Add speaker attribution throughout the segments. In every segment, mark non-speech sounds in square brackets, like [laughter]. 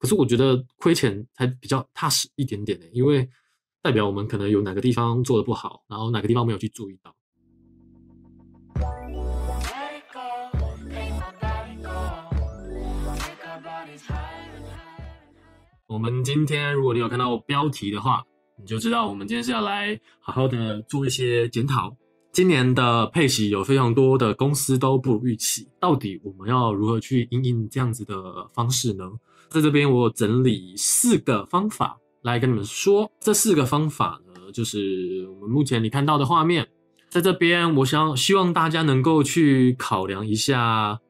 Speaker 1: 可是我覺得虧錢才比較踏實一點點呢、欸，因為代表我們可能有哪個地方做的不好，然後哪個地方沒有去注意到。 [music] 我們今天如果你有看到我標題的話，你就知道我們今天是要來好好的做一些檢討。今年的配息有非常多的公司都不如預期，到底我們要如何去因應這樣子的方式呢？在這邊，我有整理四個方法來跟你們說。這四個方法呢，就是我們目前你看到的畫面。在這邊，我想希望大家能夠去考量一下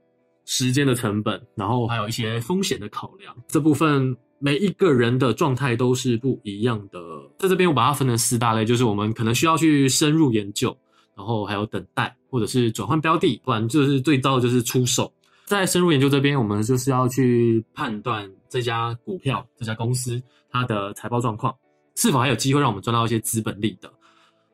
Speaker 1: 時間的成本，然後還有一些風險的考量。這部分每一個人的狀態都是不一樣的。在這邊，我把它分成四大類，就是我們可能需要去深入研究，然後還有等待，或者是轉換標的，不然就是最糟就是出手。在深入研究這邊，我們就是要去判斷這家股票、這家公司它的財報狀況，是否還有機會讓我們賺到一些資本利得。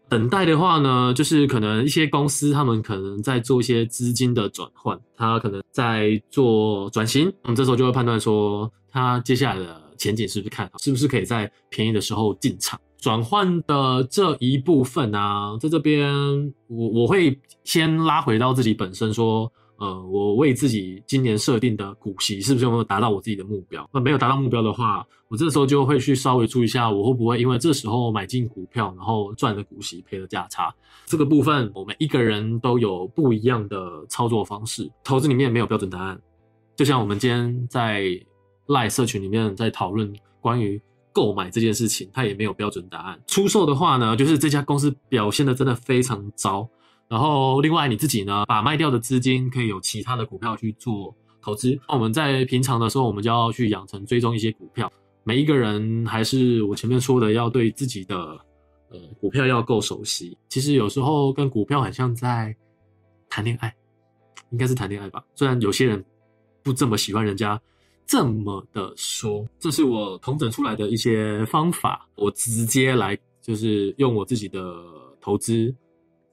Speaker 1: 等待的話呢，就是可能一些公司他們可能在做一些資金的轉換，他可能在做轉型，我們這時候就會判斷說它接下來的前景是不是看好，是不是可以在便宜的時候進場？轉換的這一部分呢、啊，在這邊我我會先拉回到自己本身說。呃，我為自己今年設定的股息是不是有沒有達到我自己的目標？那沒有達到目標的話，我這時候就會去稍微注意一下，我會不會因為這時候買進股票，然後賺了股息賠了價差？這個部分，我們一個人都有不一樣的操作方式，投資裡面沒有標準答案。就像我們今天在 LINE 社群裡面在討論關於購買這件事情，它也沒有標準答案。出售的話呢，就是這家公司表現得真的非常糟。然後，另外你自己呢，把賣掉的資金可以有其他的股票去做投資。那我們在平常的時候，我們就要去養成追蹤一些股票。每一個人還是我前面說的，要對自己的呃股票要夠熟悉。其實有時候跟股票很像，在談戀愛，應該是談戀愛吧。雖然有些人不這麼喜歡人家這麼的說。這是我統整出來的一些方法，我直接來就是用我自己的投資。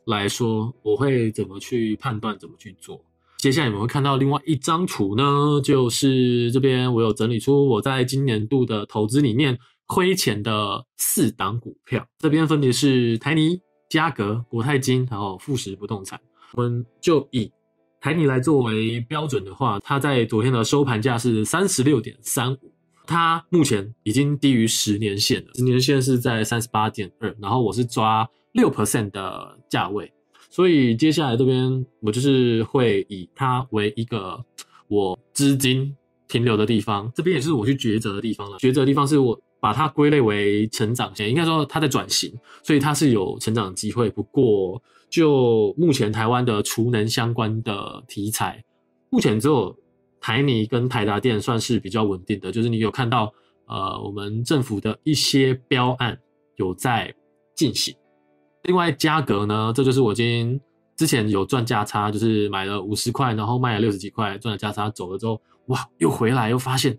Speaker 1: 來說，我會怎麼去判斷，怎麼去做？接下來你們會看到另外一張圖呢，就是這邊我有整理出我在今年度的投資裡面虧錢的四檔股票，這邊分別是台泥、嘉格、國泰金，然後富時不動產。我們就以台泥來作為標準的話，它在昨天的收盤價是三十六點三五，它目前已經低於十年線了，十年線是在三十八點二，然後我是抓。六 percent 的價位，所以接下來這邊我就是會以它為一個我資金停留的地方，這邊也是我去抉擇的地方了。抉擇的地方是我把它歸類為成長型，應該說它在轉型，所以它是有成長機會。不過就目前台灣的儲能相關的題材，目前只有台泥跟台達電算是比較穩定的，就是你有看到呃，我們政府的一些標案有在進行。另外價格呢，這就是我今天之前有賺價差，就是買了五十塊，然後賣了六十幾塊，賺了價差走了之後，哇，又回來又發現，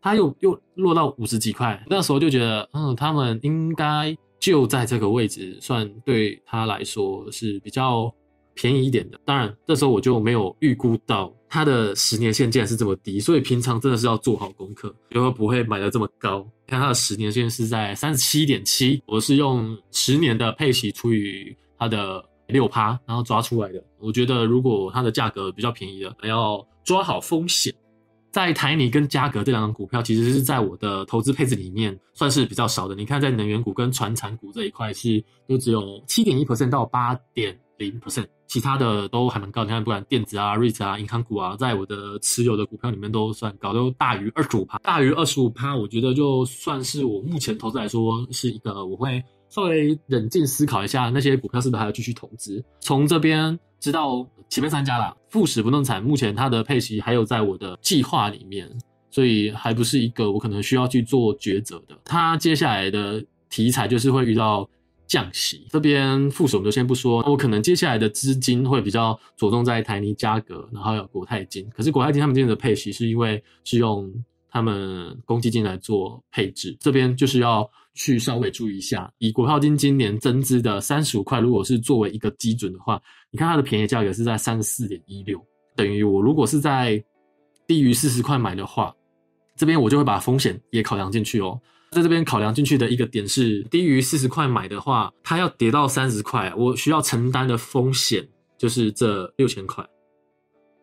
Speaker 1: 他又又落到五十幾塊。那時候就覺得，嗯，他們應該就在這個位置，算對他來說是比較便宜一點的。當然，這時候我就沒有預估到。它的十年線竟然是這麼低，所以平常真的是要做好功課，因為不會買的這麼高。看它的十年線是在三十七點七，我是用十年的配息除以它的六趴，然後抓出來的。我覺得如果它的價格比較便宜的，還要抓好風險。在台泥跟嘉格這兩張股票，其實是在我的投資配置裡面算是比較少的。你看，在能源股跟傳產股這一塊，是就只有七點一 percent 到八點。零其他的都還蠻高。你看，不管電子啊、REITs 啊、銀行股啊，在我的持有的股票裡面都算高，都大於二十五趴，大於二十五趴。我覺得就算是我目前投資來說，是一個我會稍微冷靜思考一下，那些股票是不是還要繼續投資。從這邊知道前面三家啦，富士不動產目前它的配息還有在我的計劃裡面，所以還不是一個我可能需要去做抉擇的。它接下來的題材就是會遇到。降息這邊副手，我們就先不說，我可能接下來的資金會比較着重在台泥、嘉格，然後有國泰金。可是國泰金他們今天的配息是因為是用他們公積金來做配置，這邊就是要去稍微注意一下。以國泰金今年增資的三十五塊，如果是作為一個基準的話，你看它的便宜價格也是在三十四點一六，等於我如果是在低於四十塊買的話，這邊我就會把風險也考量進去哦。在這邊考量進去的一個點是，低於四十塊買的話，它要跌到三十塊，我需要承擔的風險就是這六千塊。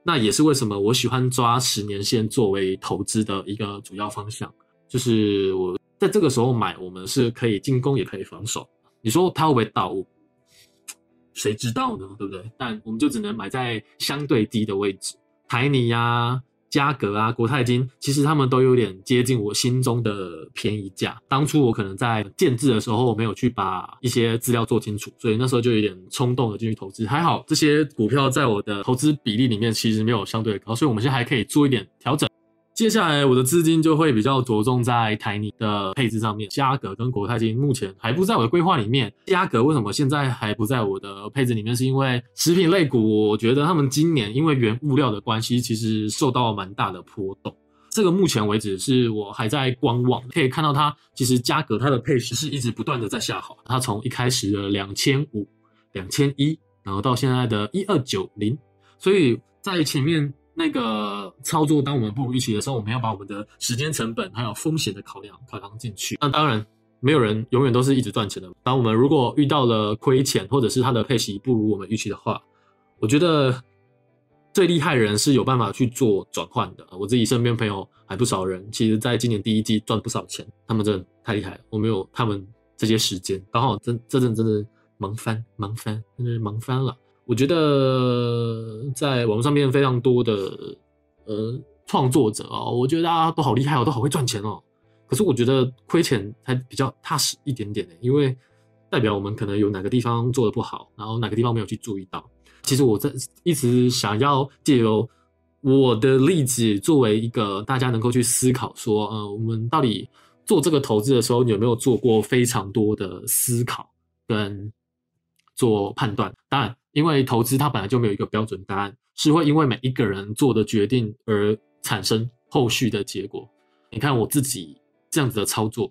Speaker 1: 那也是為什麼我喜歡抓十年線作為投資的一個主要方向，就是我在這個時候買，我們是可以進攻也可以防守。你說它會不會倒？誰知道呢？對不對？但我們就只能買在相對低的位置，台泥呀。嘉格啊，國泰金，其實他們都有點接近我心中的便宜價。當初我可能在建制的時候，我沒有去把一些資料做清楚，所以那時候就有點衝動的進去投資。還好這些股票在我的投資比例裡面其實沒有相對高，所以我們現在還可以做一點調整。接下來我的資金就會比較着重在台泥的配置上面，佳格跟國泰金目前還不在我的規劃裡面。佳格為什麼現在還不在我的配置裡面？是因為食品類股，我覺得他們今年因為原物料的關係，其實受到蠻大的波動。這個目前為止是我還在觀望，可以看到它其實佳格它的配置是一直不斷的在下滑，它從一開始的兩千五、兩千一，然後到現在的一二九零，所以在前面。那個操作，當我們不如預期的時候，我們要把我們的時間成本還有風險的考量，考量進去。那當然，沒有人永遠都是一直賺錢的。當我們如果遇到了虧錢，或者是他的配息不如我們預期的話，我覺得最厲害人是有辦法去做轉換的。我自己身邊朋友還不少人，其實在今年第一季賺不少錢，他們真的太厲害了。我沒有他們這些時間，剛好真這陣真的忙翻忙翻，真的是忙翻了。我覺得在網絡上面非常多的呃創作者啊，哦，我覺得大、啊、家都好厲害哦，都好會賺錢哦。可是我覺得虧錢才比較踏實一點點，因為代表我們可能有哪個地方做得不好，然後哪個地方沒有去注意到。其實我在一直想要借由我的例子，作為一個大家能夠去思考說，呃，我們到底做這個投資的時候，你有沒有做過非常多的思考跟做判斷？當然。因為投資它本來就沒有一個標準答案，是會因為每一個人做的決定而產生後續的結果。你看我自己這樣子的操作，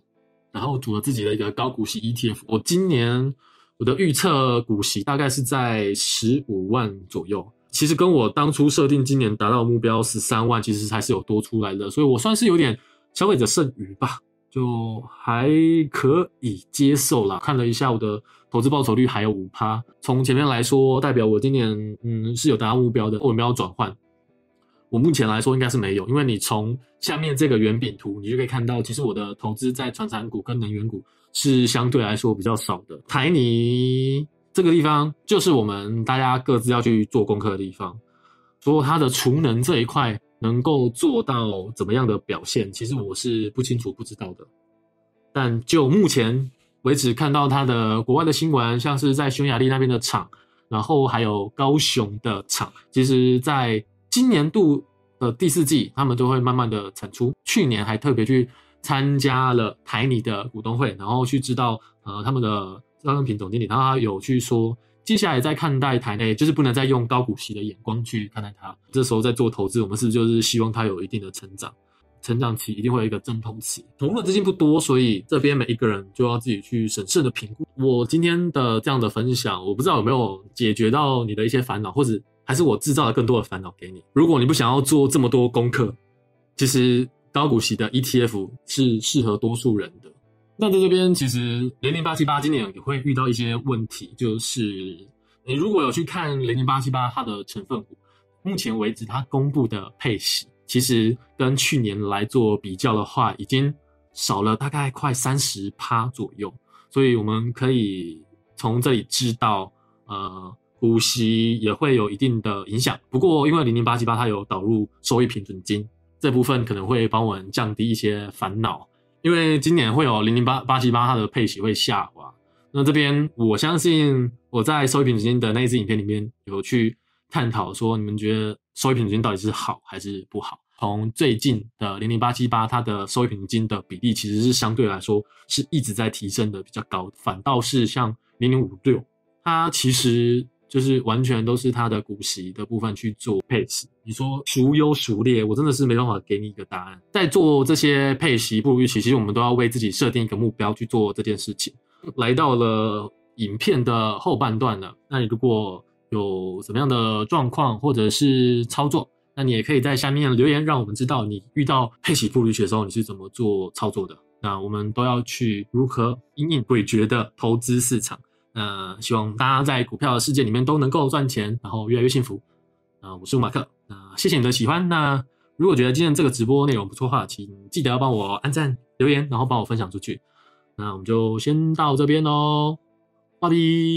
Speaker 1: 然後組了自己的一個高股息 ETF，我今年我的預測股息大概是在十五萬左右，其實跟我當初設定今年達到的目標十三萬，其實還是有多出來的，所以我算是有點消費者剩餘吧。就還可以接受啦，看了一下我的投資報酬率還有五趴，從前面來說，代表我今年嗯是有達到目標的。我有沒有轉換？我目前來說應該是沒有，因為你從下面這個圓餅圖，你就可以看到，其實我的投資在傳產股跟能源股是相對來說比較少的。台泥這個地方，就是我們大家各自要去做功課的地方。所以它的儲能這一塊能夠做到怎麼樣的表現，其實我是不清楚，不知道的。但就目前為止看到它的國外的新聞，像是在匈牙利那邊的廠，然後還有高雄的廠，其實在今年度的第四季，他們都會慢慢的產出。去年還特別去參加了台泥的股東會，然後去知道呃他們的趙永平總經理，然後他有去說。接下來在看待台內，欸，就是不能再用高股息的眼光去看待它，這時候在做投資，我們是不是就是希望它有一定的成長？成長期一定會有一個陣痛期，投入的資金不多，所以這邊每一個人就要自己去審慎的評估。我今天的這樣的分享，我不知道有沒有解決到你的一些煩惱，或者還是我制造了更多的煩惱給你。如果你不想要做這麼多功課，其實高股息的 ETF 是適合多數人的。那在這邊，其實零零八七八今年也會遇到一些問題，就是你如果有去看零零八七八它的成分股，目前為止它公布的配息，其實跟去年來做比較的話，已經少了大概快三十趴左右，所以我們可以從這裡知道，呃，股息也會有一定的影響。不過因為零零八七八它有導入收益平準金，這部分可能會幫我們降低一些煩惱。因為今年會有零零八八七八，它的配息會下滑。那這邊我相信我在收益平準金的那一支影片裡面有去探討說，你們覺得收益平準金到底是好還是不好？從最近的零零八七八，它的收益平準金的比例其實是相對來說是一直在提升的，比較高。反倒是像零零五六，它其實。就是完全都是他的股息的部分去做配息，你說孰優孰劣，我真的是沒辦法給你一個答案。在做這些配息不如預期，其實我們都要為自己設定一個目標去做這件事情。來到了影片的後半段了，那你如果有什麼樣的狀況或者是操作，那你也可以在下面留言，讓我們知道你遇到配息不如預期的時候，你是怎麼做操作的。那我們都要去如何因應對詭譎的投資市場。那、呃、希望大家在股票的世界裡面都能夠賺錢，然後越來越幸福。啊、呃，我是吳馬克。那、呃、謝謝你的喜歡。那、呃、如果覺得今天這個直播內容不錯的話，請記得幫我按讚、留言，然後幫我分享出去。那、呃、我們就先到這邊嘍。拜拜。Bye.